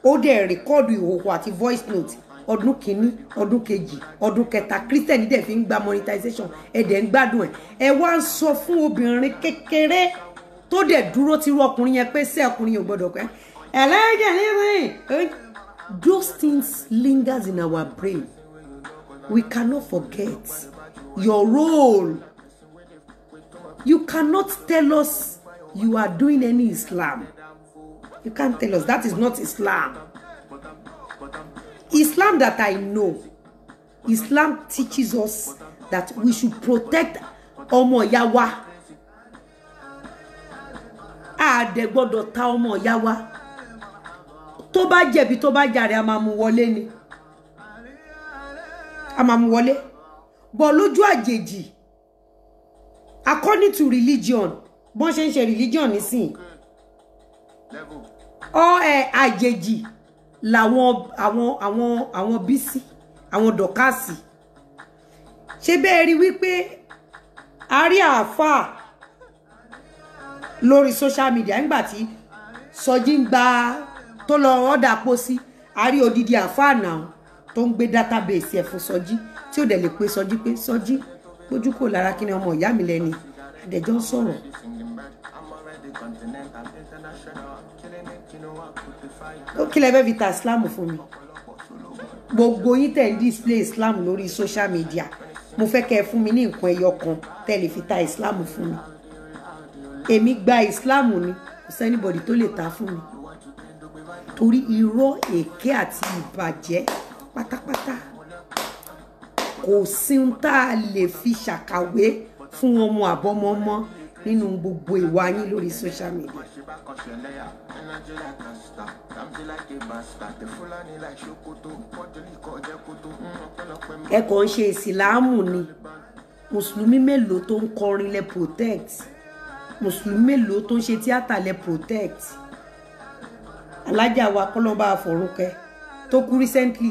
ó dẹ̀ rìkọ́ọ̀dù ìhòòhò àti voice note ọdún kìíní ọdún kejì ọdún kẹta kírísítẹ̀nì dẹ̀ fi ń gba monetization ẹ̀dẹ̀ ń gbádùn ẹ̀ ẹ̀ wá ń sọ fún obìnrin kékeré tó dẹ̀ dúró tirú ọkùnrin yẹn pé sí ọkùnrin yẹn ò gbọ́dọ̀ pé ẹlẹ́jẹ̀ níwìn. Those things lingers in our brain. We cannot forget your role. You cannot tell us you are doing any Islam. You can't tell us that is not Islam. Islam that I know, Islam teaches us that we should protect ọmọ ìyá wa àdẹ̀ gbọ́dọ̀ ta ọmọ ìyá wa tó bá jẹ̀bi tó bá jàre a máa mú wọlé ni a máa mú wọlé bọ̀ lójú àjèjì according to religion bọ́n ṣe ń ṣe religion nísìn ọ ẹ àjèjì làwọn àwọn àwọn àwọn bísí àwọn dọ̀kásì ṣe bẹ́ẹ̀ rí wípé a rí àáfàá lórí social media nígbà tí Sọjí ń gba tó lọ ọ̀dà pósí a rí odidi àfáà náà tó ń gbé database ẹ̀ fún Sọjí tí ò dẹ̀ lè pe Sọjí pé Sọjí gbójú kò lára kí ni ọmọ ìyá mi lẹ́ni àdẹ̀jọ́ ń sọ̀rọ̀. ó kílẹ̀ fẹ́ fi ta Islam fún mi gbogbo yín tẹ̀ ń display Islam lórí social media mo fẹ́ kẹ́ ẹ fún mi ní nǹkan ẹyọ kan tẹ́ lè fi ta Islam fún mi èmi gba Islam ni kò sẹ́nibọ̀dì tó lè ta fún mi torí irọ́ èké àti ìbàjẹ́ pátápátá kò sí ohun tá a lè fi ṣàkàwé fún ọmọ àbọ̀mọ́mọ́ nínú gbogbo ìwà yín lórí social media. ẹ kàn ń ṣe ìsìláàmù ni mùsùlùmí mélòó tó ń kọrin lẹ protect mùsùlùmí mélòó tó ń ṣe tíátà lẹ protect alájà wa kọlọ́ba àfọ̀rúkẹ́ tó kú recently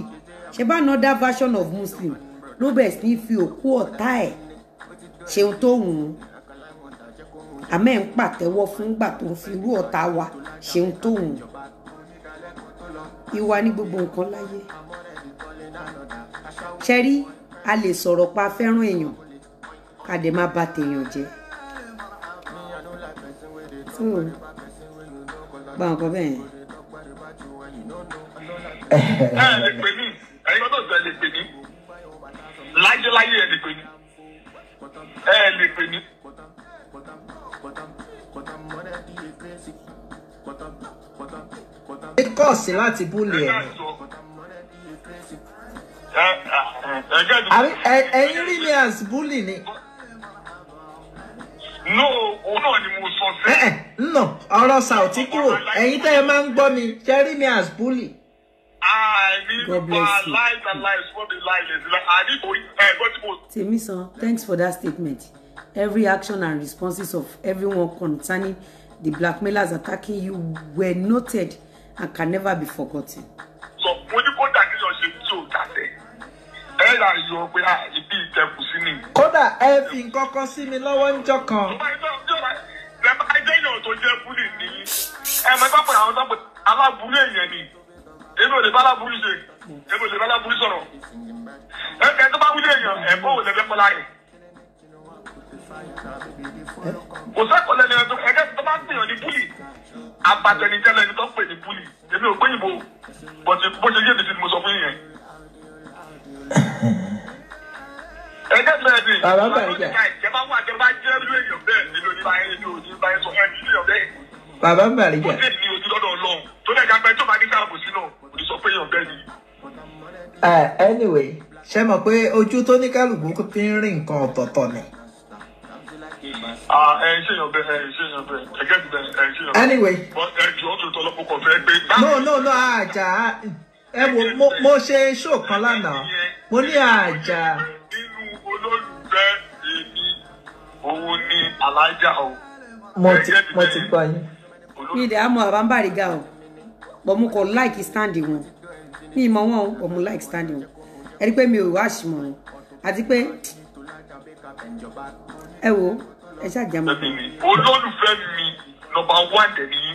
ṣe bá another version of muslim ló bẹ̀rẹ̀ sí fi òkú ọ̀tá ẹ̀ ṣeun tó wù ú àmẹ́ ń pàtẹ́wọ́ fúngbà tó ń fi irú ọ̀tá wa ṣeun tó wù ú ìwà ní gbogbo nǹkan láyé ṣe rí a lè sọ̀rọ̀ pa fẹ́ràn èèyàn ká má bà tèèyàn jẹ́ gba nǹkan bẹ́ẹ̀ yẹn. ẹ ẹ lè pè mí ẹ̀yin kọ́tọ̀ ìgbà lè pè mí láyéláyé ẹ lè pè mí ẹ lè pè mí. ẹ kọ́ọ̀sì láti búlì ẹ̀ ẹ̀yin rí mi as bully ni no òun náà ni mo sọ sí. ẹ eh, eh, nà ọ̀rọ̀ sàùtì kúrò ẹ̀yin tẹ́ ẹ máa ń gbọ́ mi ṣe rí mi as bully. Ah, God bless you. Temisan, ah, eh, thanks for that statement. Every action and responses of everyone concerning the blackmailers attacking you were noted and can never be forgotten. So, when you go back to your ẹ yà yọ pé à ah, ibi ìtẹkù sí ni. kódà ẹ fi nǹkan kan sí mi lọ́wọ́ níjọ́ kan. lẹ́mọ̀ ẹjẹ́ èèyàn tó jẹ́ búlì ní ẹ̀mọ́ ìpapọ̀ àwọn tó pè aláburú èèyàn ni èmi ò lè bá aláburú ṣe èmi ò lè bá aláburú sọ̀rọ̀ ẹ̀kẹ́ tó bá wílé èèyàn ẹ̀kọ́ ò lè fẹ́ kọ́lá yẹn. kò sẹ́kọ̀ọ́ lẹ́nu ẹ̀dọ́ ẹ̀kẹ́ tó bá gbìyàn ní búlì àpàtẹ̀nìjẹ́ lẹ́ni tó pè ní búlì èmi ò gbé ìbò bọ̀dé bó ṣe yé mi sí ni mo sọ fún yẹn bàbá ń bàrí jà. anyway ṣe mọ̀ pé ojú tó ní kálukú ti ń rí nǹkan ọ̀tọ̀ọ̀tọ̀ ni. anyway. no no no Ah, àjà. ẹ mo se ṣe show kan lánàá mo ní àjà. nínú olólùfẹ́ èmi òun ni alájà o. mo ti mo ti gbọ́ yín. mi ìdè àmọ́ bàbá ń bàrígà o bọ̀ mo kàn like stand wọn mi ìmọ̀ wọn o bọ̀ mo like stand wọn ẹ rí pé mi ò wá àṣìmọ̀ wọn àti pé ẹ wo ẹ ṣáà jẹ́ mọ́. olólùfẹ́ mi nọ́mbà one dẹ̀ nìyí.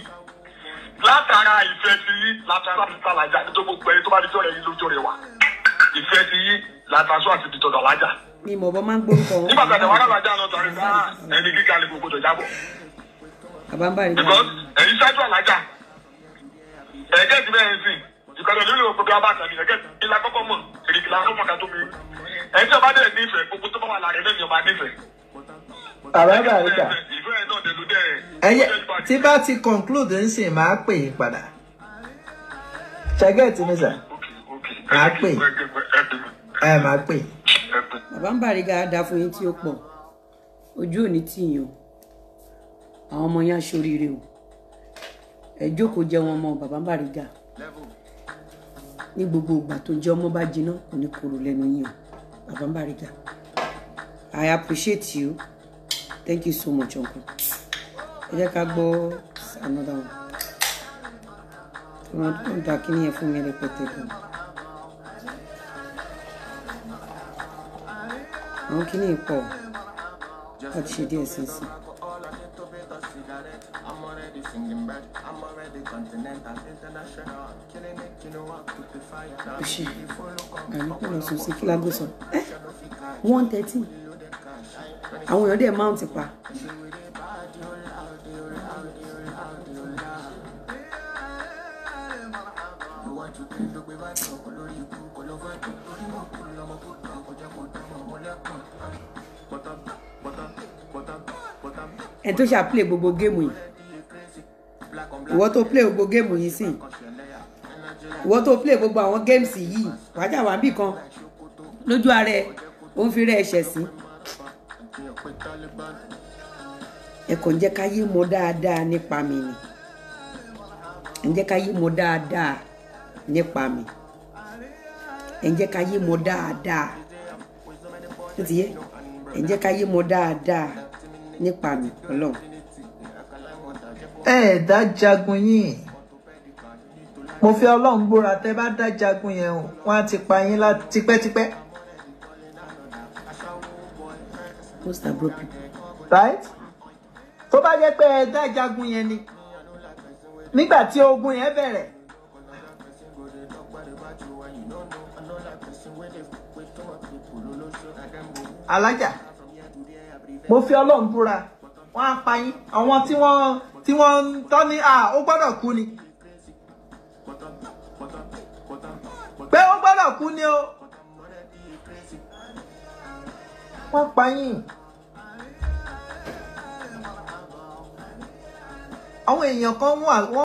látara ìfẹ́ ti yí látara ti ta làjà nítorí gbogbo ẹni tó bá di tọ́rẹ̀ yín lójú rẹ̀ wá ìfẹ́ ti yí látara sọ àti ti tọ̀dọ̀ làjà. mi bọ́ máa ń gbórúkọ. nígbà tí àwọn alájà lọ tọrẹ náà ẹni kíkà lè gbogbo tó jábọ̀. àbámbáyé. because ẹ̀yin ṣáájú àlàjà ẹ̀jẹ̀ ti bẹ́ẹ̀ sìn ìkànnì olórí òkú bí abá àtàlẹ̀ ẹ̀jẹ̀ ti ilá kọ́kọ́ mọ̀ èrìkìlá kọ́kọ́ mọ̀ ká tó mi ẹ̀jẹ̀ bá dẹ̀ nífẹ̀ẹ́ gbogbo tó bàbá Bariga ẹyẹ tí bá ti conclude ń sìn máa pè é padà ṣẹgẹ́ẹ̀tì mi sà máa pè ẹ máa pè. bàbá Bariga dá fún yín tí ó pọ̀ ojú òní tì yín o àwọn ọmọ yẹn aṣoríire o ẹ jókòó jẹ wọn ọmọ bàbá Bariga ní gbogbo ìgbà tó jẹ ọmọ bá jiná kò ní korò lẹ́nu yín o bàbá Bariga I appreciate you thank you so much uncle ẹ jẹ́ ká gbọ́ another one ọmọ tó ń da kíní yẹn fún mi rẹpẹtẹ gan àwọn kíní yẹn pọ̀ láti ṣe díẹ̀ sínsìn. I'm already singing bird. I'm already continental, international. Killing lọ sùn sí kí Ẹ́ one thirty àwọn èèyàn dẹ̀ mount pa. ẹ tó ṣáà play gbogbo géèmù yìí ìwọ tó play gbogbo géèmù yìí sí ìwọ tó play gbogbo àwọn géèmù yìí wájà wà níbì kan lójú ara ẹ ò fi rẹ ẹ̀ṣẹ̀ sí. Si ẹ̀kọ́ ń jẹ́ ká yé mọ̀ dáadáa nípa mi ni ń jẹ́ ká yé mọ̀ dáadáa nípa mi ẹ̀ ń jẹ́ ká yé mọ̀ dáadáa ó ti yé ẹ̀ ń jẹ́ ká yé mọ̀ dáadáa nípa mi ọlọ́run. ẹ̀ẹ́dá jagun yìí mo fi ọlọ́run búra tẹ́ bá dá jagun yẹn o wọ́n á ti pa yín lá tipẹ́tipẹ́. right tó bá jẹ́ pé ẹ ìjagun yẹn ni nígbà tí ogun yẹn bẹ̀rẹ̀ alájà mo fi ọlọ́run búra wọ́n á pa yín àwọn tí wọ́n tí wọ́n tọ́ ní à ó gbọ́dọ̀ kú ni pé ó gbọ́dọ̀ kú ni o wọ́n pa yín. àwọn èèyàn kan wọ́n